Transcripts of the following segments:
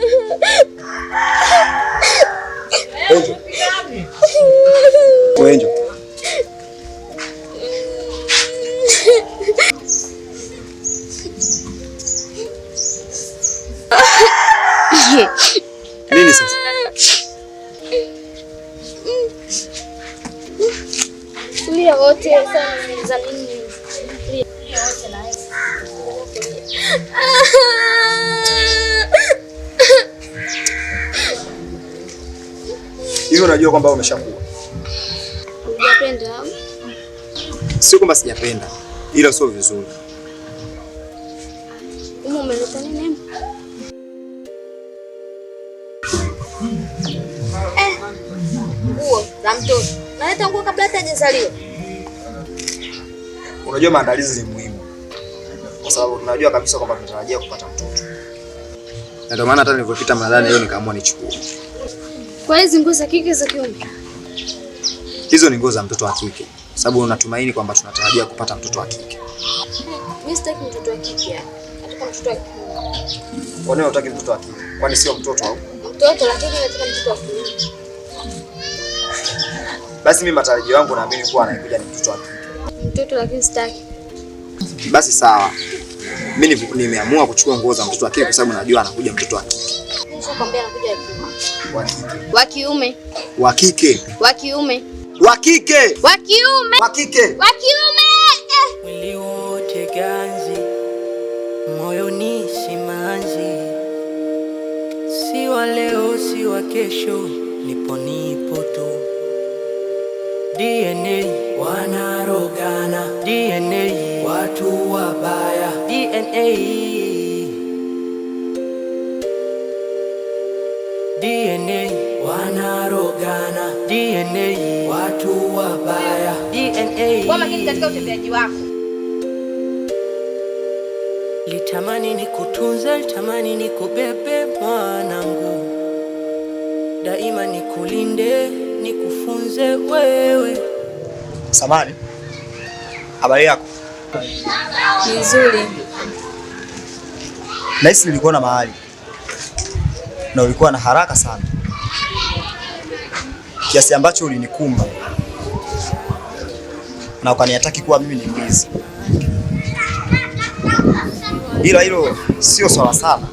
왼쪽. 왼쪽. 이게 hiyo unajua kwamba umeshakuwa. Unapenda? Si kwamba sijapenda, ila sio vizuri. Umeleta nini? Eh, nguo za mtoto. Naleta nguo kabla hata hajazaliwa. Unajua maandalizi ni muhimu, kwa sababu tunajua kabisa kwamba tunatarajia kupata mtoto, na ndio maana hata nilipopita madhani leo nikaamua nichukue kwa hizi nguo za kike za kiume? Hizo ni nguo za mtoto wa kike, sababu unatumaini kwamba tunatarajia kupata mtoto wa kike. Mimi sitaki mtoto wa kike. Nataka mtoto wa kiume. Kwa nini unataka mtoto wa kike? Kwani sio mtoto au? Mtoto lakini nataka mtoto wa kiume. Basi mimi matarajio yangu naamini kuwa anakuja ni mtoto wa kike. Mtoto lakini sitaki. Basi sawa. Mimi nimeamua kuchukua nguo za mtoto wa kike kwa sababu najua anakuja mtoto wa kike. Nishakwambia anakuja kiume wa kiume wa kike wa kiume wa kike wa kiume wa kike wa kiume mwili wote ganzi, moyo ni simanzi, si wa leo si wa kesho, nipo nipo tu. DNA wanarogana, DNA watu wabaya, DNA DNA wanarogana DNA watu wabaya DNA. Kwa makini katika utembeaji wako, litamani ni kutunza, litamani ni kubebe mwanangu, daima ni kulinde, ni kufunze wewe. Samani, habari yako? Nzuri. Nahisi nilikuwa na mahali na ulikuwa na haraka sana kiasi ambacho ulinikumba na ukaniataki kuwa mimi ni mwizi, ila hilo sio sawa sana.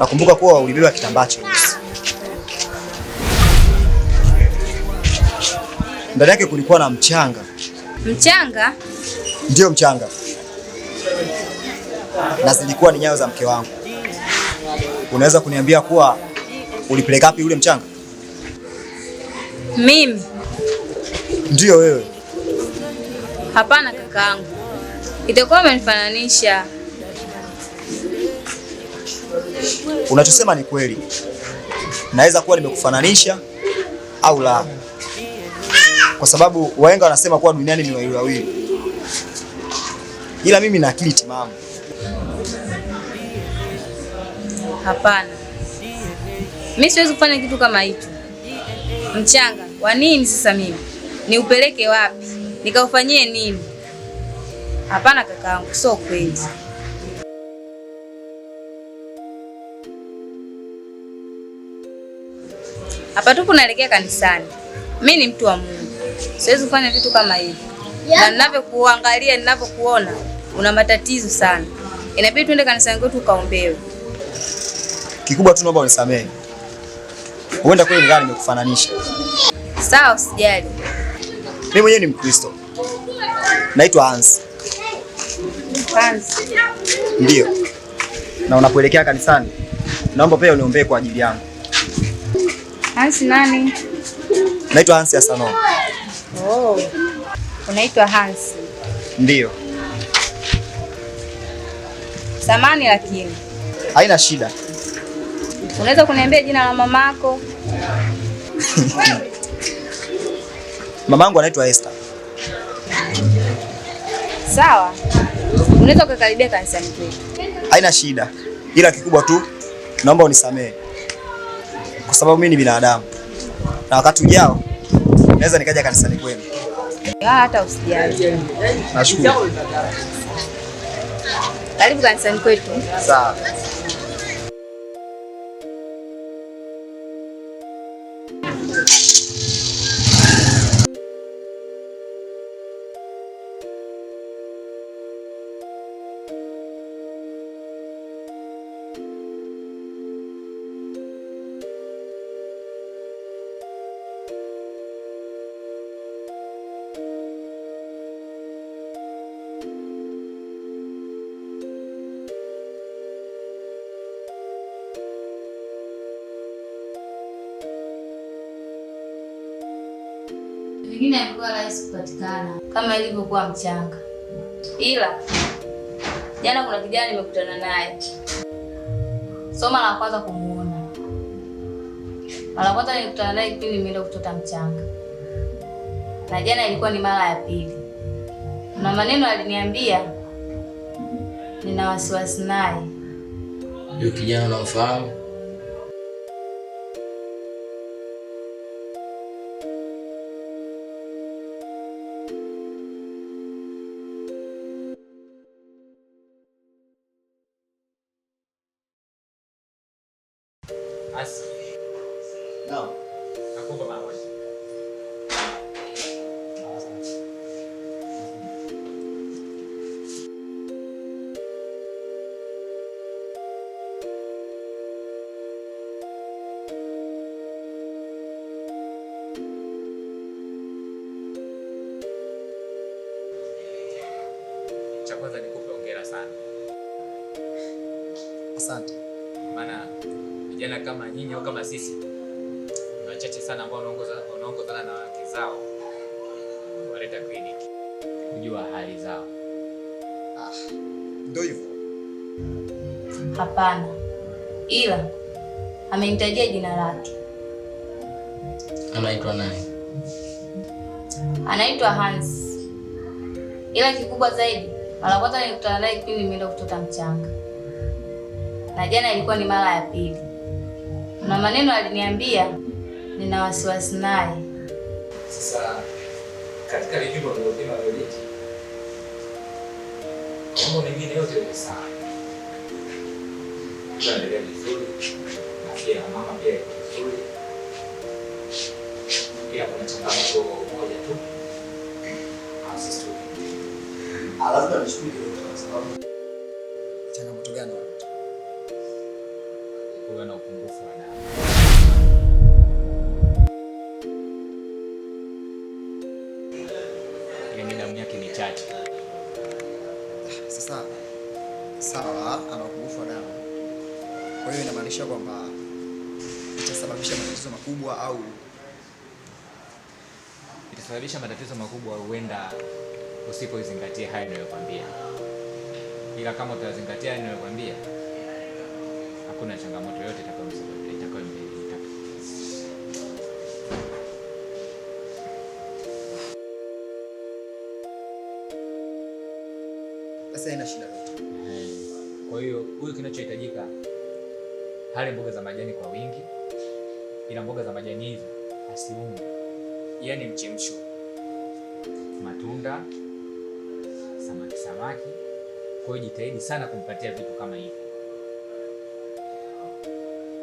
Nakumbuka kuwa ulibeba kitambaa cheusi, ndani yake kulikuwa na mchanga. Mchanga? ndio mchanga, na zilikuwa ni nyayo za mke wangu unaweza kuniambia kuwa ulipeleka wapi ule mchanga? Mimi? Ndiyo wewe. Hapana kakaangu, itakuwa umenifananisha. Unachosema ni kweli, naweza kuwa nimekufananisha au la, kwa sababu wahenga wanasema kuwa duniani ni wawili wawili, ila mimi na akili timamu. Hapana, mimi siwezi kufanya kitu kama hicho. Mchanga kwa nini sasa? Mimi niupeleke wapi? Nikaufanyie nini? Hapana kakaangu, sio kweli. Hapa tu kunaelekea kanisani. Mimi ni mtu wa Mungu, siwezi kufanya vitu kama hivi Na ninavyokuangalia, ninavyokuona una matatizo sana, inabidi tuende kanisani kwetu ukaombewe. Kikubwa tu naomba unisamehe. Huenda kweli nikawa nimekufananisha. Sawa, sijali. Mimi mwenyewe ni Mkristo. Naitwa Hans. Hans. Ndio. Na unapoelekea kanisani, naomba pia uniombee kwa ajili yangu. Hans nani? Naitwa Hans Asano. Oh. Unaitwa Hans. Ndio. Samani lakini. Haina shida. Unaweza kuniambia jina la mamako? Mamangu anaitwa Esther. Sawa, unaweza kukaribia kanisani kwetu. Haina shida, ila kikubwa tu naomba unisamehe kwa sababu mimi ni binadamu, na wakati ujao naweza nikaja kanisani kwenu. Hata usijali. Nashukuru. Karibu kanisani kwetu. Sawa. vingine havikuwa rahisi kupatikana kama ilivyokuwa mchanga, ila jana kuna kijana nimekutana naye soma la kwanza kumuona. Mara kwanza nilikutana naye kipindi nimeenda kutota mchanga, na jana ilikuwa ni mara ya pili. Kuna maneno aliniambia, nina wasiwasi naye. Huyo kijana unamfahamu? nyinyi au kama sisi ni wachache sana ambao wanaongozana na wake zao waleta kliniki kujua hali zao. Ah, ndio hivyo. Hapana, ila amenitajia jina lake. Anaitwa nani? Anaitwa Hans, ila kikubwa zaidi, mara kwanza nilikutana naye kipindi nimeenda kutota mchanga, na jana ilikuwa ni mara ya pili. Kuna maneno aliniambia, nina wasiwasi naye. Sasa katika jumba lililojengwa na mambo mengine yote ni sawa, tuendelee vizuri, afya ya mama pia iko vizuri, ila kuna changamoto moja tu ah, ah, lazima nishughulike kwa sababu changamoto gani? Kuna upungufu kuhakikisha kwamba itasababisha matatizo makubwa au itasababisha matatizo makubwa, huenda usipoizingatia haya ninayokwambia, ila kama utazingatia ninayokwambia, hakuna changamoto yoyote itakayo hali mboga za majani kwa wingi, ila mboga za majani hizo asiunge, yani mchemsho, matunda, samaki samaki. Kwa hiyo jitahidi sana kumpatia vitu kama hivi,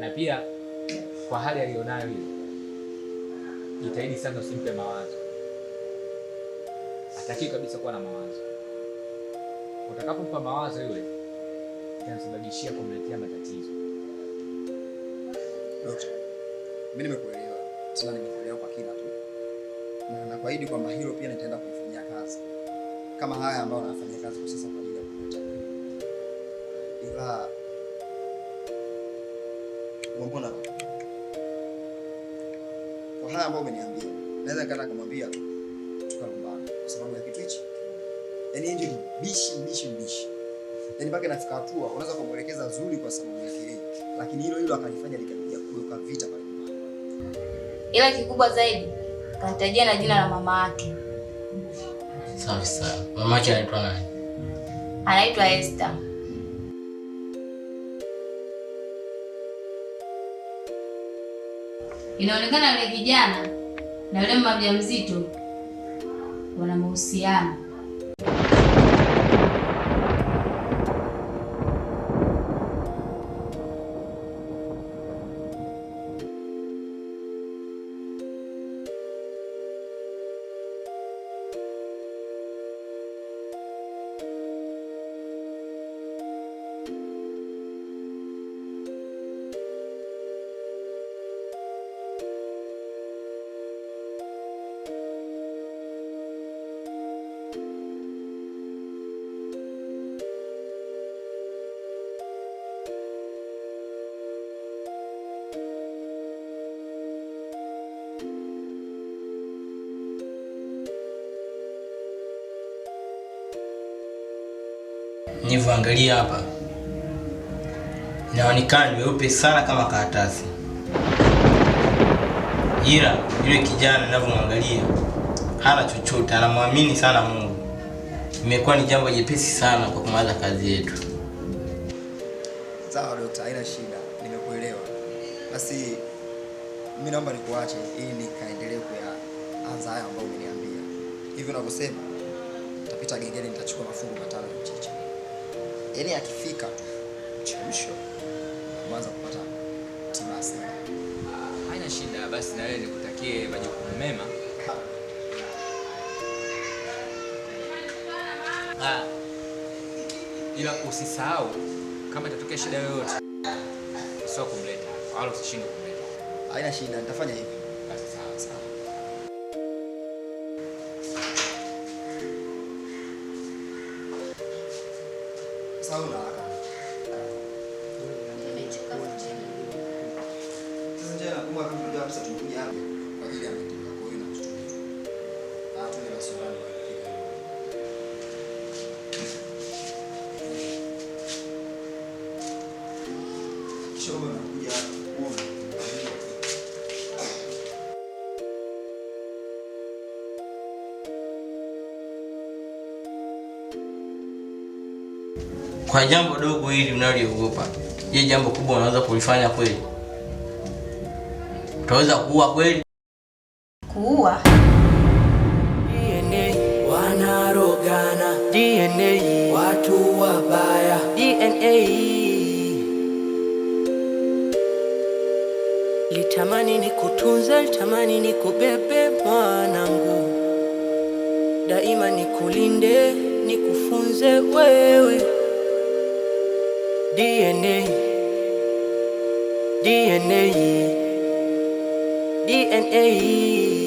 na pia kwa hali aliyonayo hiyo, jitahidi sana usimpe mawazo. Hataki kabisa kuwa na mawazo. Utakapompa mawazo yule, itamsababishia kumletea matatizo. Dokta, mimi nimekuelewa tena nimekuelewa kwa kina tu, na nakuahidi kwamba hilo pia nitaenda kulifanyia kazi kama haya ambayo nafanyia kazi kwa sasa kwa ajili ya kuleta, ila mbona kwa haya ambayo umeniambia, naweza nikaenda kumwambia tu tukalumbana kwa sababu ya kitu hichi. Yaani hiyo ni bishi bishi bishi, yaani mpaka inafika hatua unaweza kumwelekeza zuri kwa sababu ya kile, lakini hilo hilo akalifanya likaja kuepuka vita pale nyumbani, ila kikubwa zaidi kanitajia na jina la mama yake. Sawa sawa. Mama yake anaitwa nani? Anaitwa Esther. Inaonekana yule kijana na yule mama mjamzito wana mahusiano. nilivyoangalia hapa inaonekana weupe sana kama karatasi, ila yule kijana ninavyomwangalia hana chochote, anamwamini sana Mungu. Imekuwa ni jambo jepesi sana kwa kumaliza kazi yetu. Sawa dokta, haina shida, nimekuelewa. Basi mimi naomba nikuache ili nikaendelee kuyaanza haya ambayo umeniambia. Hivi unavyosema, tapita gengeni, nitachukua mafungu yani akifika chemsho unaanza kupata tiba asili. Haina shida, basi na wewe nikutakie majukumu mema. Ah, ila usisahau kama itatokea shida yoyote, sio kumleta wala usishinde kumleta. Haina shida, nitafanya hivi. Số n kwa jambo dogo hili mnaliogopa je, jambo kubwa unaweza kulifanya kweli? Utaweza kuua kweli? Kuua DNA, wanarogana DNA, watu wabaya DNA Litamani ni kutunza, litamani ni kubebe mwanangu, daima ni kulinde, ni kufunze wewe DNA DNA DNA